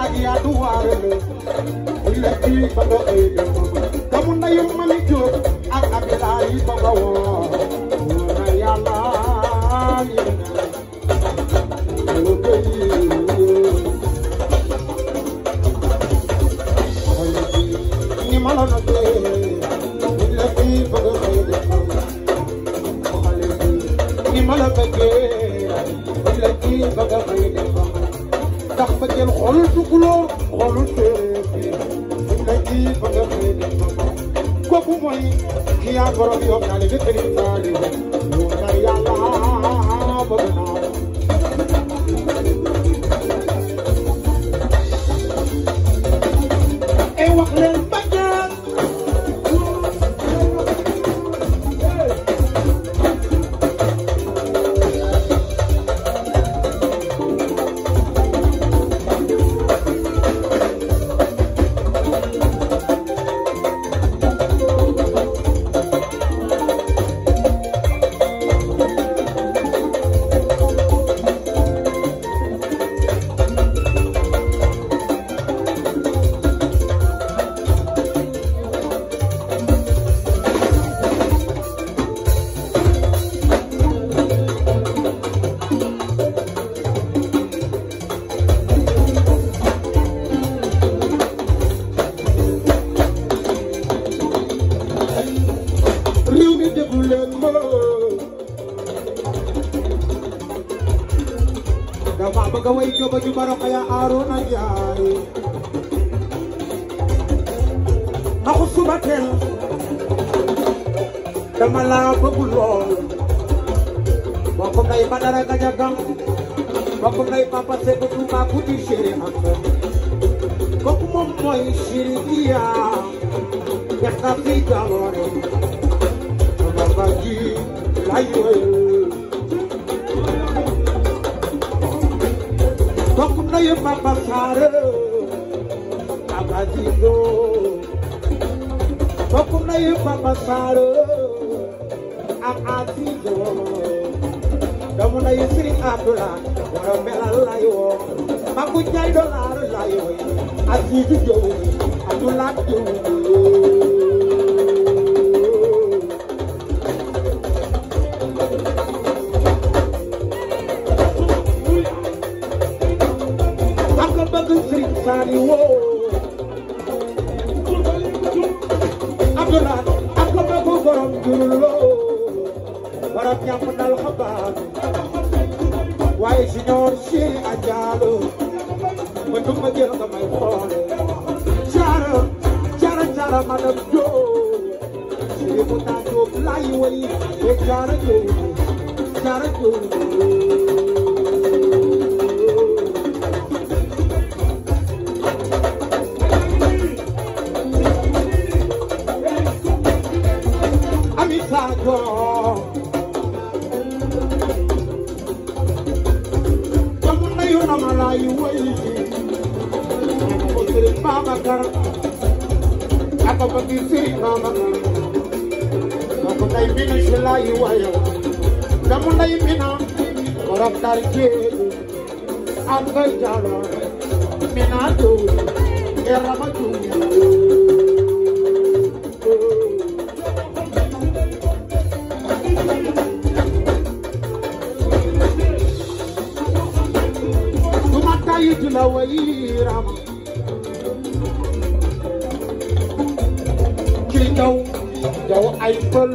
ak yaa du waare la buñ la fii a nga ay dem ka mu nayu mani jóob ak ak laa yi ba nga woo na yàlla ni ma a nag buñ la fii ba nga a dem ni ma la bëggee buñ la fii ba nga ay dem ngeen xoolu tukuloo xoolu séeréer bi buñ la ji ba nga xëy dem ba kooku mooy kii yaa borom yoo xam ne bi ga way jooba ju baro a Aroona Njaay naxu suba teel dama laa bëgg lool bokkum nay Badara Gaja Gam bokkum nay Papa Seck du ma ku di chéri ak kooku moom mooy chéri biya ñax na fi jaloore sama ba ji lay Lokum na ye papa kare Abadino Lokum na ye papa kare Abadino Damu na ye siri abula Wara mela layo Maku jai dollar layo Azizu jowi Adula jowi pariwo Abdoulaye ak ko ko borom jurulo borom ñam dal xabaar waaye si ñoor si ajaalo ba du ma jël ko may xoole cara cara cara madam joo si mu taa jóob laay way e cara joo cara joo way way ko sëriñ a aka ba di sëriñ Babacar na ko day bina si lay wayo na mu day a ko raftar jeeru aka jalo mina tuur erama tuur birama ci daw daw ay pël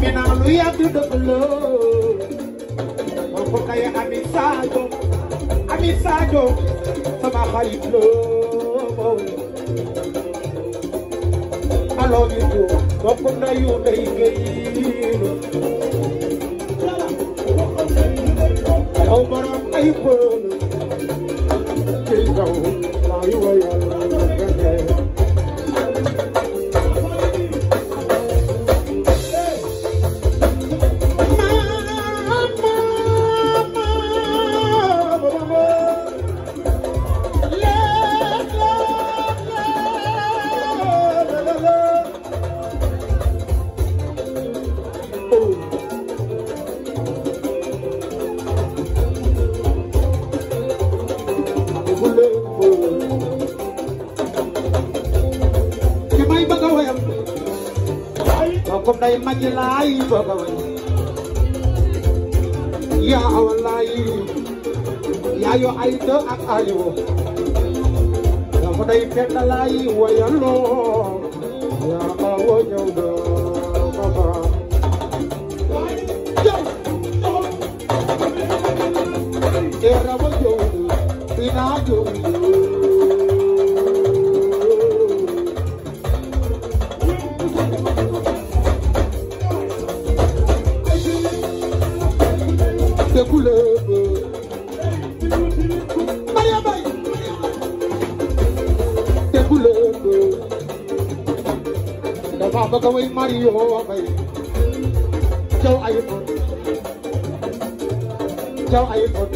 mi naa lu yàgg dëgg la moo ko kay ami Sadio ami Sadio sama xarit la aloo mi do bokk na yu day géy aw borom ay bon ci kaw laa yu way comme day magi laay booba way yaa awa laay ay dë ak ayo dafa day penda laay wayaloo yaa awa ñëw dë baba jëw jëw ina jëw de couleur Maria Baye de couleur dama bëgg way Mario Baye caw ay fot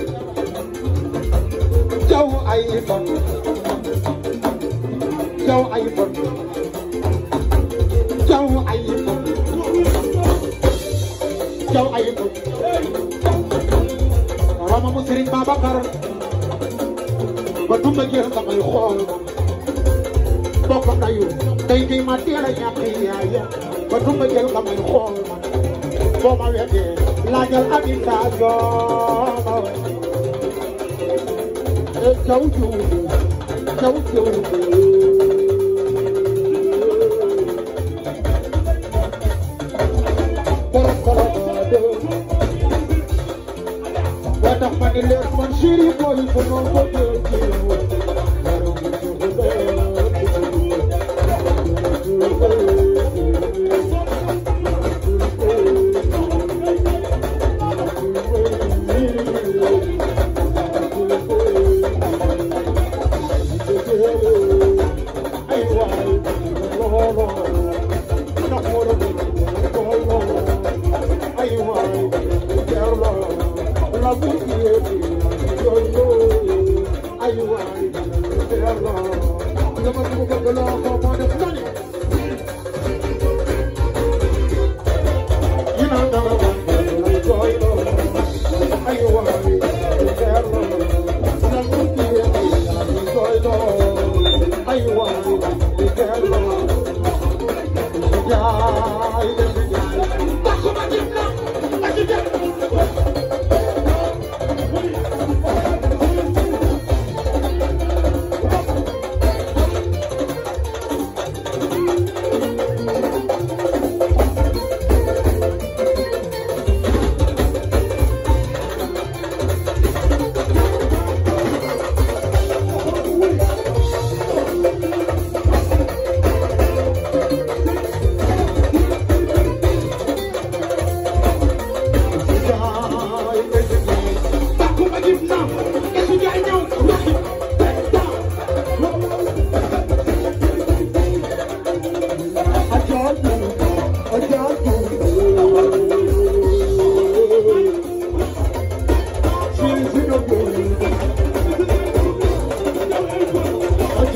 caw ay fot sama a Serigne Babacar ba duma jeex samay xool bokk ndayu day day ma teel a ñàkk yaaya ba duma jeex samay xool boo ma weddee laajal habitation e eh, caw juubu caw juubu Thank you.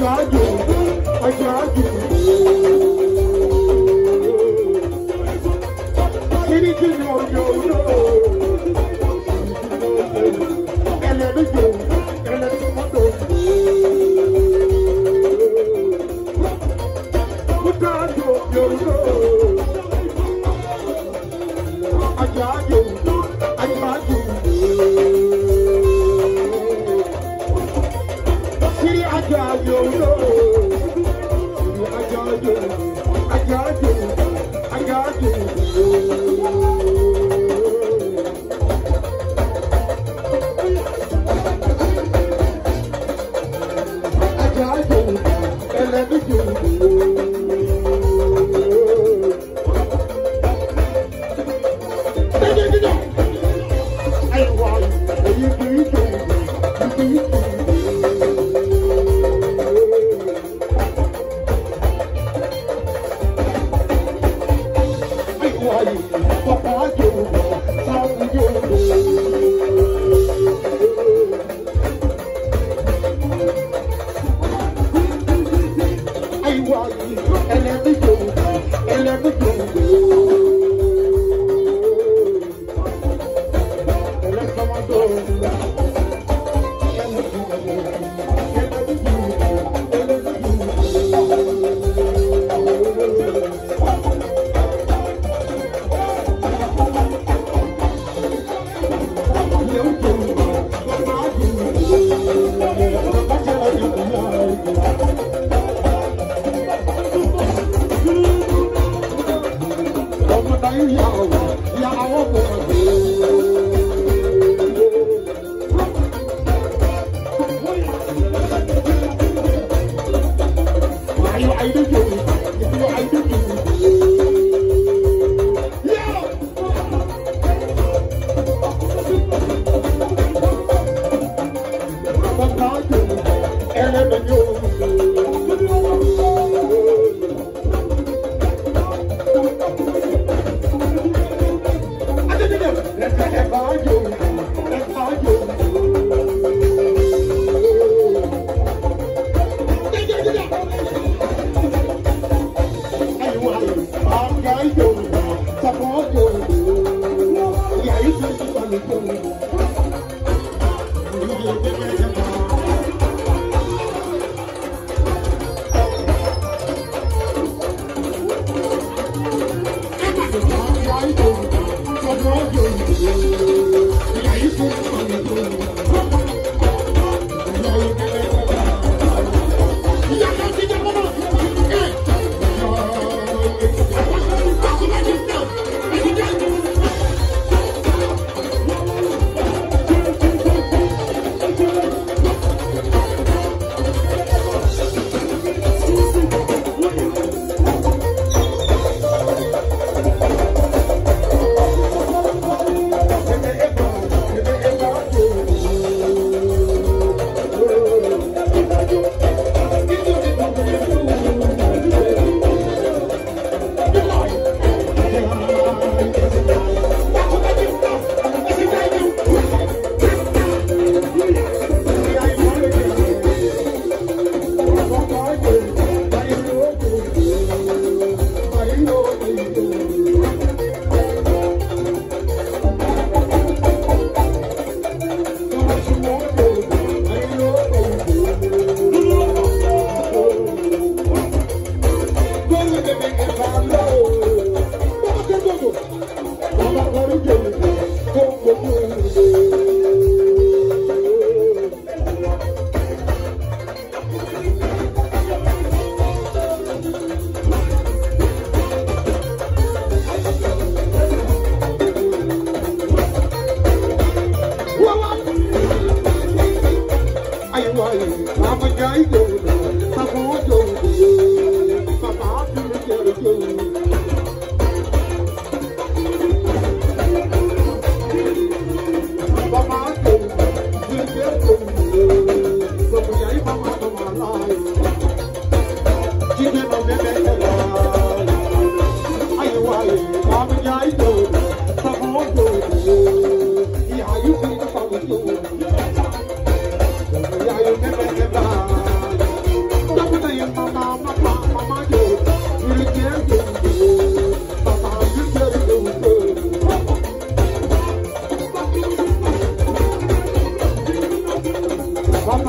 Ajaaju Ajaaju.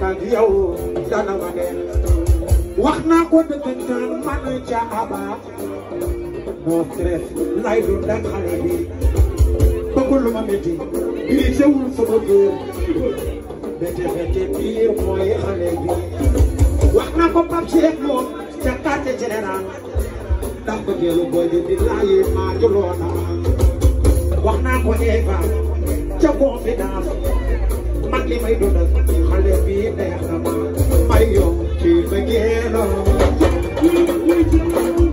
nag yow dana ma neex wax naa ko dëggantaan man caaba no stress lay doon daan xale bi bëggul lu ma métti bii sewul sama biir métti métti biir mooy xale bi wax naa ko Pape Cheikh Lo ca quartier général ndax bëggeelu booy de di laayi maa joloona wax naa ko Eva ca confidence man li may dundal xale bi neex na ma ay yow ci bëggee la